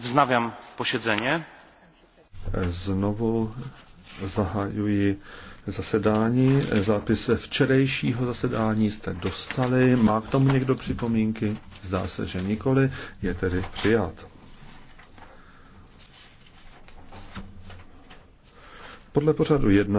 Vznavím posiedzenie. Znovu zahajuji zasedání. Zápis včerejšího zasedání jste dostali. Má k tomu někdo připomínky? Zdá se, že nikoli. Je tedy přijat. Podle pořadu jedná